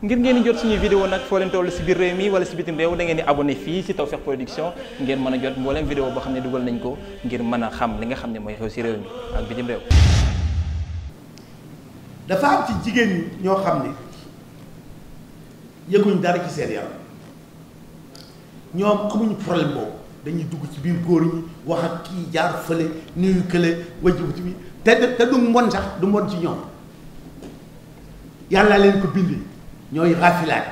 ngir ngeen di jot suñuy vidéo nag foo leen toll si biir réew mi wala si bitim réew da ngeen di abonné fii si Tawfekh Production ngeen mën a jot mbooleem vidéo boo xam ne dugal nañ ko ngir mën a xam li nga xam ne mooy xew si réew mi ak bitim réew dafa am ci jigéen ñoo xam ne yëguñ dara ci seen ñoom amuñu problème boobu dañuy dugg ci biir góor ñi wax ak kii jaar fële nuyu kële wajjubuti bi te te du mbon sax du mbon ci ñoom yàlla leen ko bindi ñooy raafilaay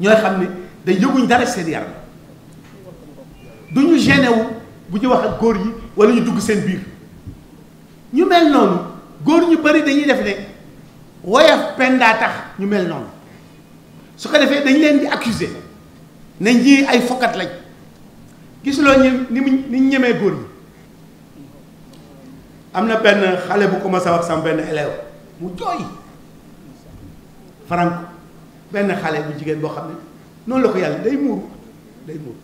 ñooy xam ni da yëguñ dara seen yaram du ñu gêné wu bu ñu wax ak góor yi wala ñu dugg seen biir ñu mel noonu góor ñu bari dañuy def ne woyof pendaa tax ñu mel noonu su ko defee dañ leen di accuser ne ñii ay fokkat lañ gisuloo ñu ni ni ñu ñemee góor ñi am na benn xale bu commencé wax sama benn élève mu jooy Franco benn xale bu jigéen boo xam ne noonu la ko yàlla day muuru day muuru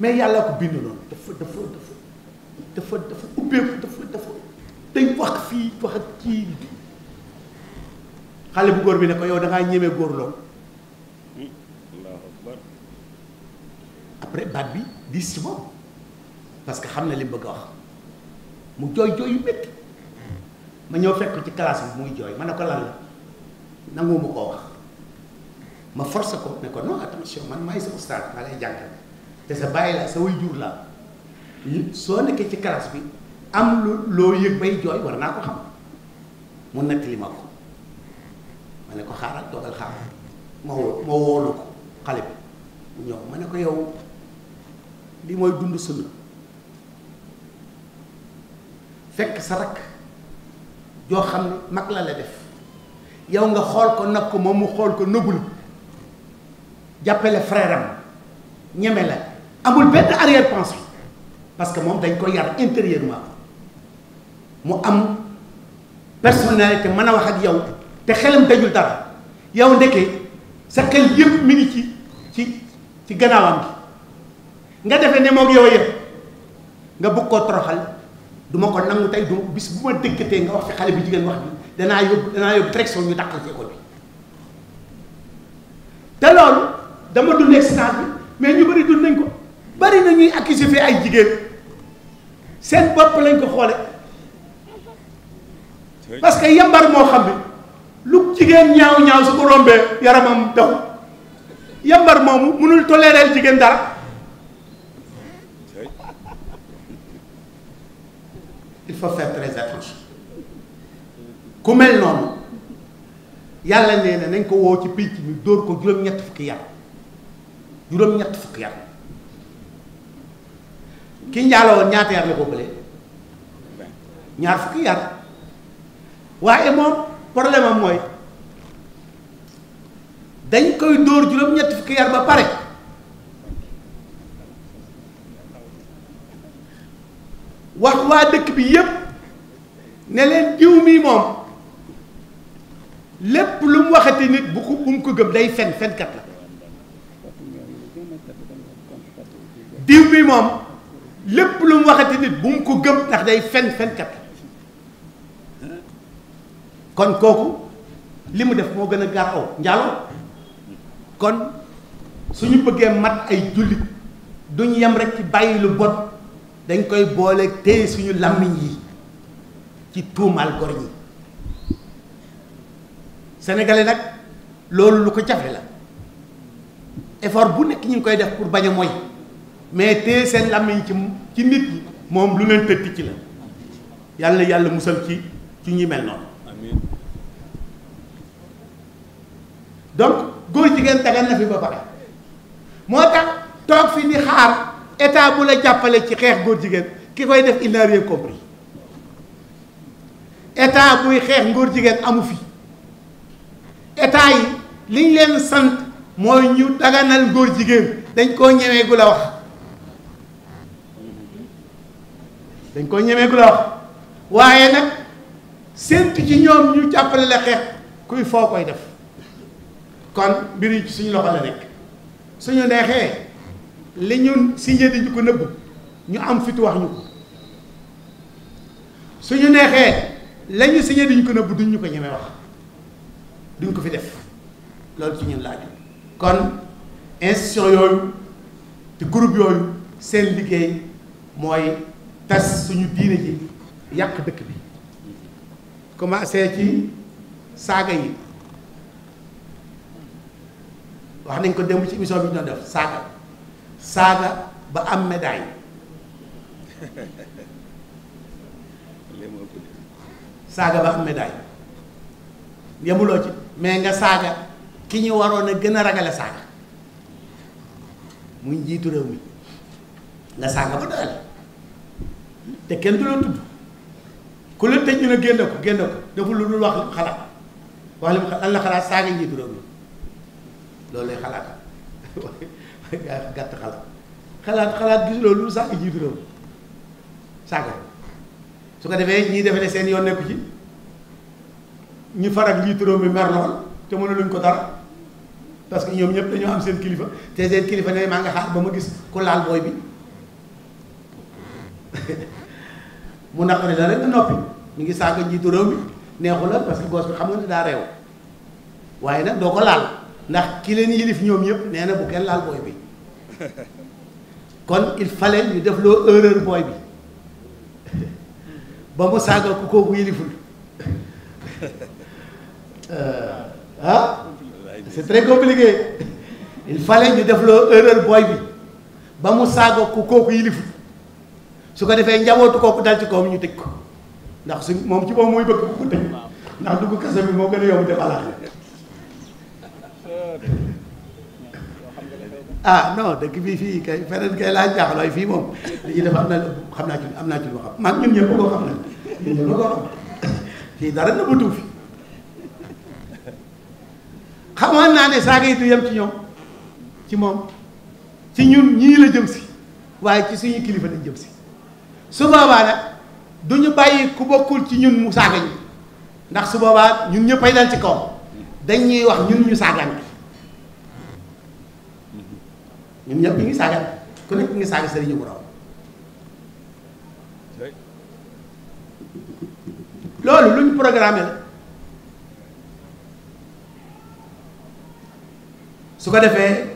mais yàlla ko bind noonu dafa dafa dafa dafa dafa ubbeeku dafa dafa day wax fii wax ak kii xale bu góor bi ne ko yow da ngaa ñeme góor loo après baat bi diis ci moom parce que xam na li mu bëgg wax mu jooy jooy yu métti ma ñëw fekk ci classe bi muy jooy ma ne ko lan la nanguwuma koo wax ma force ko ne ko non attention man maay sa oustaz maa lay jàngal te sa bàyyi laa sa way jur laa hmm? soo nekkee ci classe bi am lu loo yëg bay jooy war naa ko xam mu nettali ma ko ma ne ko xaaral toogal xaaral ma woo ma woolu ko xale bi mu ma ne ko yow li mooy dund sunna fekk sa rakk joo xam ne mag la la def yow nga xool ko nag ko moom mu xool ko nëbbul jàppale frère ñeme la amul benn arrière pensée parce que moom dañ ko yar intérieurement mu am personnalité mën a wax ak yow te xelam dajul dara yow ndekkee sa xel yëpp mi ngi ci ci ci gannaawam gi nga defee ne moom yow yëpp nga bëgg koo toroxal du ma ko nangu tey du bis bu ma dëkkatee nga wax ci xale bi jigéen wax bi danaa yóbbu danaa yóbbu direction ñu dàqal ci école bi te loolu dama dund extase bi mais ñu bari dund nañ ko bari nañuy ñuy accuser ay jigéen seen bopp lañ ko xoole parce que yambar moo xam ne lu jigéen ñaaw ñaaw su ko rombee yaramam daw yambar moomu mënul toléreel jigéen dara il faut faire très attention ku mel noonu yàlla nee na nañ ko woo ci picc mi dóor ko juróom-ñett fukki yàlla juróom-ñett fukki yar ki njaaloo woon ñaata yar la ko bële ñaar fukki yar waaye moom problème am mooy dañ koy dóor juróom-ñett fukki yar ba pare wax waa dëkk bi yépp ne leen jiw mii moom lépp lu mu waxati nit bu ko bu mu ko gëm day fen fenkat la diw mi moom lépp lu mu waxati nit bu mu ko gëm ndax day fen fenkat kon kooku li mu def moo gën a gaar aw njaaloo kon suñu bëggee mat ay jullit duñ yem rek ci bàyyi lu bon dañ koy boole téye suñu làmmiñ yi ci tuumaal gor ñi sénégalais nag loolu lu ko jafe la effort bu nekk ñu ngi koy def pour bañ a moy mais téye seen làmmiñ ci ci nit ñi moom lu leen tëdd ci la yàlla yàlla musal ci ci ñi mel noonu. donc góor jigéen dagan na fi ba pare moo tax toog fi ni xaar état bu la jàppale ci xeex góor jigéen ki koy def il n'a rien compris état buy xeex góor jigéen amu fi état yi liñ leen sant mooy ñu daganal góor jigéen dañ koo ñemee gu la wax. dañ ko ñemee ku la wax waaye nag séntu ci ñoom ñu jàppale la xeex kuy foo koy def kon mbir ci suñu loxo la nekk suñu neexee li ñun si njëriñ di ko nëbb ñu am fit wax ñu ko suñu neexee la ñu si njëriñ ko nëbb duñ ñu ko ñemee wax duñ ko fi def loolu ci ñun laaju kon institution yooyu ci groupe yooyu seen liggéey mooy tas suñu diine ji yàq dëkk bi commencé ci saaga yi wax nañ ko démb ci émission bi ñu def saaga saaga ba am medaay saaga ba am médaille yemuloo ci mais nga saaga ki ñu waroon a gën a ragale saaga muy njiitu réew mi nga saaga ba doyal te kenn du la tudd ku la tëj ñu ne génn ko génn ko deful lu dul wax xalaat wax li mu lan la xalaat saaga njiitu réew loolu lay xalaat gaa gàtt xalaat xalaat xalaat gisuloo lu dul saaga njiitu réew mi su ko defee ñii defe ne seen yoon nekku ci ñu farak njiitu réew mi mer lool te luñ ko dara parce que ñoom ñëpp dañoo am seen kilifa te seen kilifa ne maa nga xaar ba ma gis ku laal booy bi mu naqari la rek noppi mi ngi saaga njiitu réew mi neexu la parce que gos bi xam nga ne daa réew waaye nag doo ko laal ndax ki leen yilif ñoom ñëpp nee na bu kenn laal booy bi kon il fallait ñu def loo erreur booy bi ba mu saaga ku kooku yiliful euh, ah c'est très ñu def loo bi ba mu saaga ku su ko defee njabootu kooku dal ci kawam ñu tëj ko ndax suñ moom ci moom mooy bëgg ko tëj ndax dugg kaso moo gën a yomb def alaxira ah non dëgg bii fii kay feneen kay laa jaaxlooy fii moom li ñuy def am na xam naa ci am naa ci lu xam maag ñun ñëpp koo na ñun ñëpp koo xam fii dara na ba tuufi xamoon naa ne saaga yi du yem ci ñoom ci moom ci ñun ñii la jëm si waaye ci suñu kilifa lañ jëm si su boobaa nag du ñu bàyyi ku bokkul ci ñun mu saaga ñu ndax su boobaa ñun ñëppay dal ci kaw dañuy wax ñun ñu saagaan ñun ñëpp ñu ngi saagaan ku nekk ñu ngi saaga sëriñu borom loolu lu ñu programmé la su ko defee.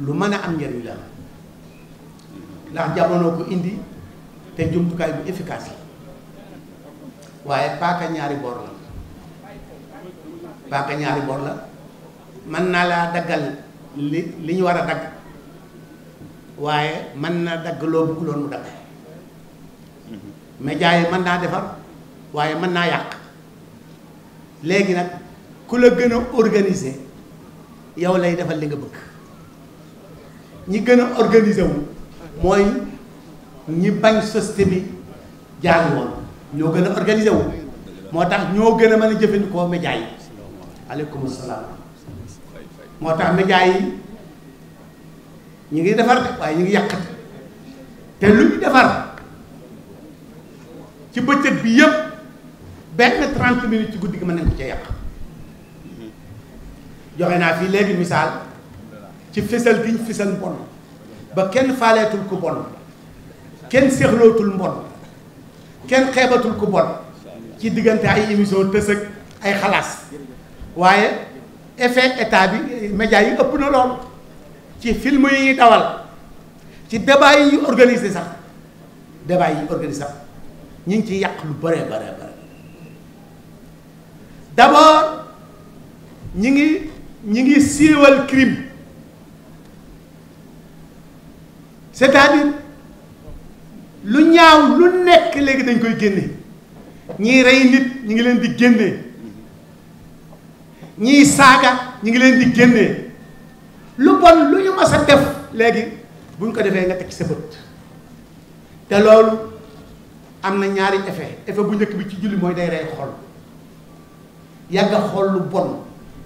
lu mën a am njariñ la ndax jamono ko indi te jumtukaay bu efficace la waaye paaka ñaari boor la paaka ñaari boor la mën naa laa daggal li li ñu war a dagg waaye mën naa dagg loo bëgguloon dagg média yi mën naa defar waaye mën naa yàq léegi nag ku la gën a organiser yow lay defal li nga bëgg ñi gën a organiser wu mooy ñi bañ société bi jaar woon ñoo gën a organiser wu moo tax ñoo gën a mën a jëfandikoo média yi aleykum salaam moo tax média yi ñu ngi defar de waaye ñu ngi yàq te lu ñu defar ci bëccëg bi yëpp benn trent minutes ci guddi gi mën nañ ko cee yàq joxe naa fii léegi misaal ci fisal gi ñu fisal mbon ba kenn faaleetul ku bon kenn séexlootul mbon kenn xeebatul ku bon ci diggante ay émission tësëg ay xalaas waaye effet état bi média yi ëpp na lool ci film yi ñuy dawal ci débat yi ñu organisé sax débat yi ñu organisé ñu ngi ci yàq lu bëree bëree bëri d'abord ñi ngi ñi ngi siiwal crime cest à lu ñaaw lu nekk léegi dañ koy génne ñiy rey nit ñi ngi leen di génne ñiy saaga ñi ngi leen di génne lu bon lu ñu mas a def léegi buñ ko defee nga teg ci sa bët te loolu am na ñaari effet effet bu njëkk bi ci julli mooy day rey xol yàgg xol lu bon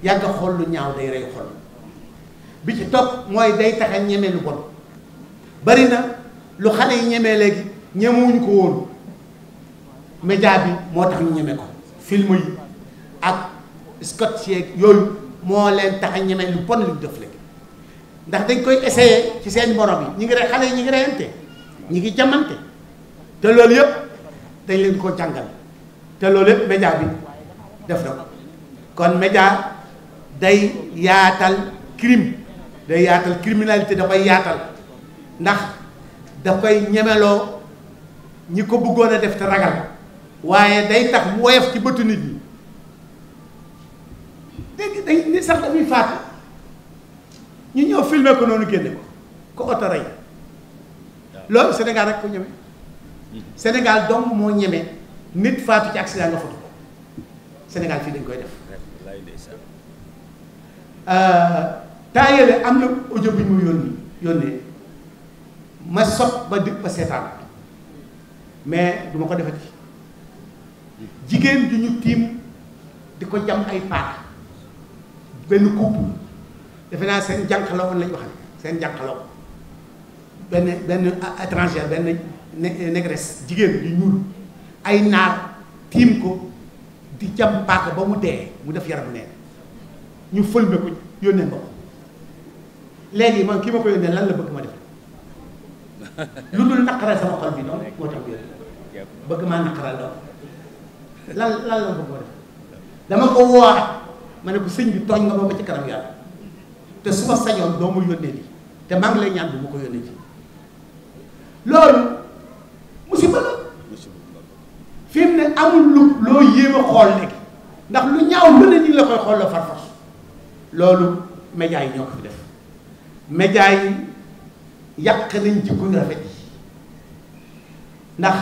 yàgg xol lu ñaaw day rey xol bi ci topp mooy day tax a ñeme lu bon bari na lu xale yi ñemee léegi ñemewuñ ko woon média bi moo tax ñu ñeme ko film yi ak scotch yeeg yooyu moo leen tax a ñeme lu bon lu def léegi ndax dañ koy essayer ci seen borom yi ñi ngi rek xale yi ñu ngi reyante ñu ngi jamante te loolu yëpp dañ leen ko jàngal te loolu yëpp média bi def na kon média day yaatal crime day yaatal criminalité da koy yaatal ndax da koy ñemeloo ñi ko bëggoon a def te ragal waaye day tax mu woyof ci bëtu nit ñi dégg day ni sax dañuy faatu ñu ñëw filmé ko noonu génne ko ko oto rey loolu Sénégal rek ko ñeme hmm. Sénégal dong moo ñeme nit faatu ci accident nga foto ko Sénégal fii dañ koy def euh, taayale am na audio bi mu yónnee ma sot ba dëkk ba seetaan mais duma ko defati jigéen ju ñu tiim di ko jam ay paaka benn couple defe naa seen jànqaloo woon lañ waxal seen jànqaloo benn benn étranger benn négresse jigéen di ñuul ay naar tiim ko di jam paaka ba mu dee mu def yaramu neen ñu fëlme ko yónnee ma ko léegi man kii ma ko yónnee lan la bëgg ma def lu dul naqaral sama xol bi noonu moo tax bi bëgg maa naqaral lool lan lan la bëgg ma def dama ko woowaat ma ne bu sëñ bi tooñ nga ba ma ci kanam yàlla te su ma sañoon doo yónnee lii te maa ngi lay ñaan bu ma ko yónnee lii loolu musiba la fi mu ne amul lu loo yéem a xool léegi ndax lu ñaaw lu ne ni la koy xool la farfar loolu média yi ñoo ko fi def média yàq nañ jikko yu rafet yi ndax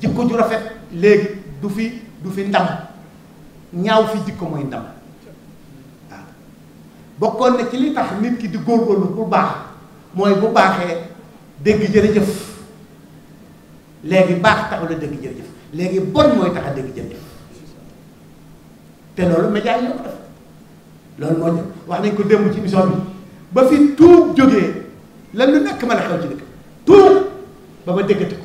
jikko ju rafet léegi du fi du fi ndam ñaaw fi jikko mooy ndam waaw bokkoon na ci li tax nit ki di góorgóorlu bu baax mooy bu baaxee dégg jërëjëf léegi baax taxu la dégg jërëjëf léegi bon mooy tax a dégg jërëjëf te loolu média yi def loolu moo wax nañ ko démb ci émission bi ba fi tuub jógee lan lu nekk mën a xew ci dëkk tuub ba ma déggati ko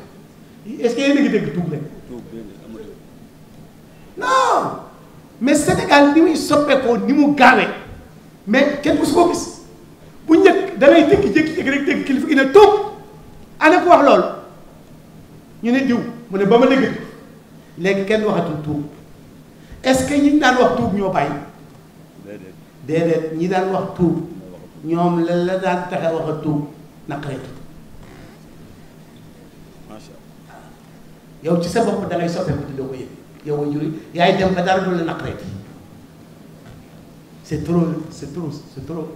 est-ce que yéen a ngi dégg tuub rek. non mais Sénégal ni muy soppeekoo ni mu gaawee mais kenn ku su gis bu njëkk da ngay dégg jékki rek dégg kilifa gi ne tuub ana ko wax loolu ñu ne diw mu ne ba ma déggati léegi kenn waxatul tuub ce que ñi daan wax tuub ñoo bàyyi. déedéet ñi daan wax tuub ñoom la la daan taxe wax a tuub naqareetu ah. yow ci sa bopp da ngay soppeeku te doo ko yëg yow way juri yaay dem ba dara du la naqareeti c'est trop c'est trop c'est trop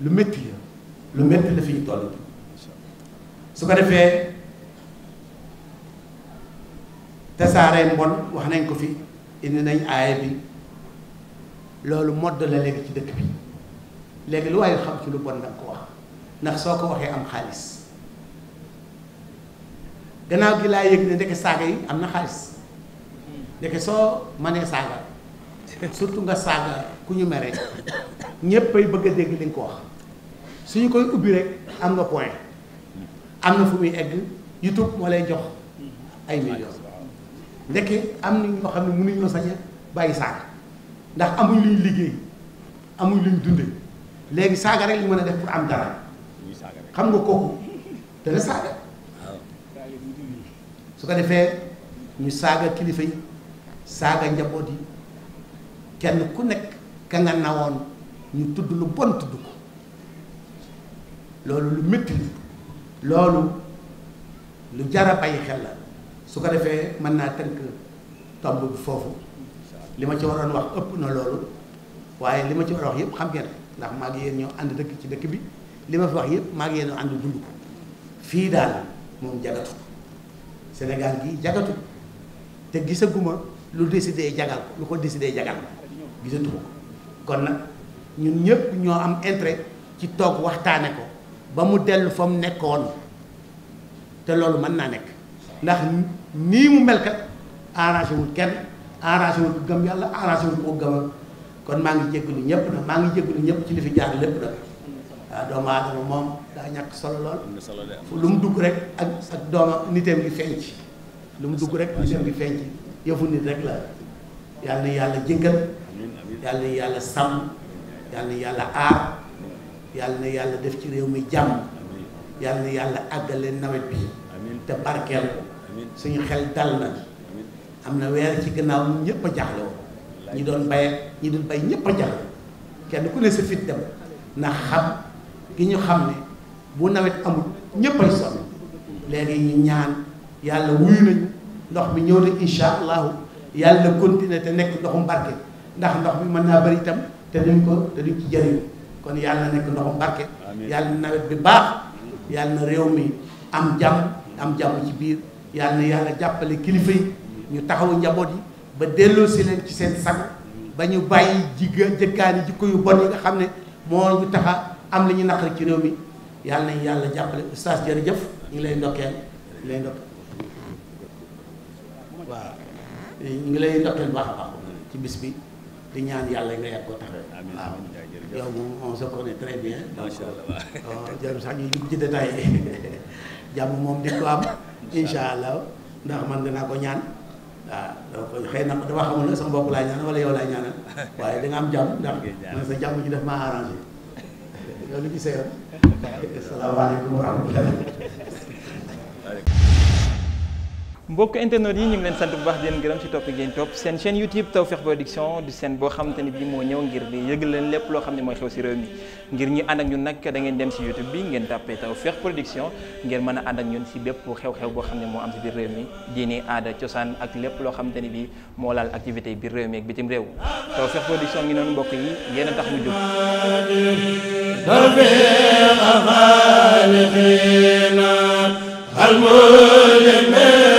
lu métti lu métti la fi toll su ko defee tasaare mbon wax nañ ko fi indi nañ aaya bi loolu modd la léegi ci dëkk bi léegi lu waaye xam ci lu bon nag ko wax ndax soo ko waxee am xaalis gannaaw gi laa yëg ne ndeke saaga yi am na xaalis ndeke soo manee saaga surtout nga saaga ku ñu mere ñépp bëgg a dégg lañ ko wax suñu koy ubbi rek am nga point am na fu muy egg YouTube moo lay jox ay millions ndeke am na ñoo xam ne mënuñoo sañ a bàyyi saaga ndax amuñ luñ liggéey amuñ luñ dunde léegi saaga rek lañ mën a def pour am dara xam nga kooku dana saaga su ko defee ñu saaga kilifa yi saaga njaboot yi kenn ku nekk ka nga nawoon ñu tudd lu bon tudd ko loolu lu metti li loolu lu jara bàyyi xel la su ko defee mën naa tënk tomb bi foofu li ma ci waroon wax ëpp na loolu waaye li ma ci war wax yëpp xam ngeen ndax maa ngi yéen ñoo ànd dëkk ci dëkk bi li ma fi wax yëpp maa ngi yéen ñoo ànd dund ko fii daal moom jagatu Sénégal gi jagatu te gisaguma lu décidé jagal lu ko décidé jagal gisatu ko kon nag ñun ñëpp ñoo am intérêt ci toog waxtaane ko ba mu dellu fa mu nekkoon te loolu mën naa nekk ndax nii mu melkat arrangé wul kenn arrangé wul gëm yàlla arrangé wul ko gëm kon maa ngi jégalu ñëpp nag maa ngi jégalu ñëpp ci li fi jaar lépp nag waaw doomu aadama moom daa ñàkk solo lool lu mu dugg rek ak ak dooma niteem gi feeñ dugg rek niteem gi yëfu nit rek la yàlla na yàlla jëngal yàlla na yàlla sàmm yàlla na yàlla aar yàlla yàlla def ci réew mi jàmm yàlla na yàlla àggale nawet bi te barkeel suñu xel dal na am na weer ci gannaaw ñëpp a ñi doon baye ñi doon bay ñëpp a jax kenn ku ne sa fit dem ndax xam gi ñu xam ne bu nawet amul ñëpp sonn léegi ñu ñaan yàlla wuyu nañu ndox mi ñëw na insha allahu yàlla continuer te nekk ndoxum barke ndax ndox mi mën naa bari itam te duñ ko te duñ ci jëriñu kon yàlla nekk ndoxum barke yàlla na nawet bi baax yàlla na réew mi am jàmm am jàmm ci biir yàlla na yàlla jàppale kilifa yi ñu taxawu njaboot yi ba delloosi leen ci seen sag ba ñu bàyyi jigéen jëkkaani jikko yu bon yi nga xam ne moo ñu taxa am la ñu naqari ci réew mi yàlla nañu yàlla jàppale oustaz jërëjëf ñu ngi ñu ngi lay ndokkeel waaw ñu ngi lay ndokkeel bi di ñaan yàlla nga yàgg koo taxawee waaw yow moom on se connaît très bien macha oh, moom di ko am incha allah ndax man danaa ko ñaan waaw donc xëy na dama xamul nag sama bopp laay ñaanal wala yow laay ñaanal waaye da nga am jàmm ndax man sa jàmm ci def maa arrangé yow li ci seyoon. salaamaaleykum wa mbokk internet yi ñu ngi leen sant bu baax di leen gërëm ci topp ngeen topp seen chaîne YouTube Tawfekh Production di seen boo xamante ni bi moo ñëw ngir di lépp loo xam ne mooy xew ci réew mi ngir ñu ànd ak ñun nag da ngeen dem ci YouTube bi ngeen tàppee Tawfekh Production ngeen mën a ànd ak ñun ci bépp xew-xew boo xam ne moo am ci biir réew mi diini aada cosaan ak lépp loo xamante ne bi moo laal activité biir réew mi ak bitim réew Tawfekh Production ngi noonu mbokk yi yéen a tax mu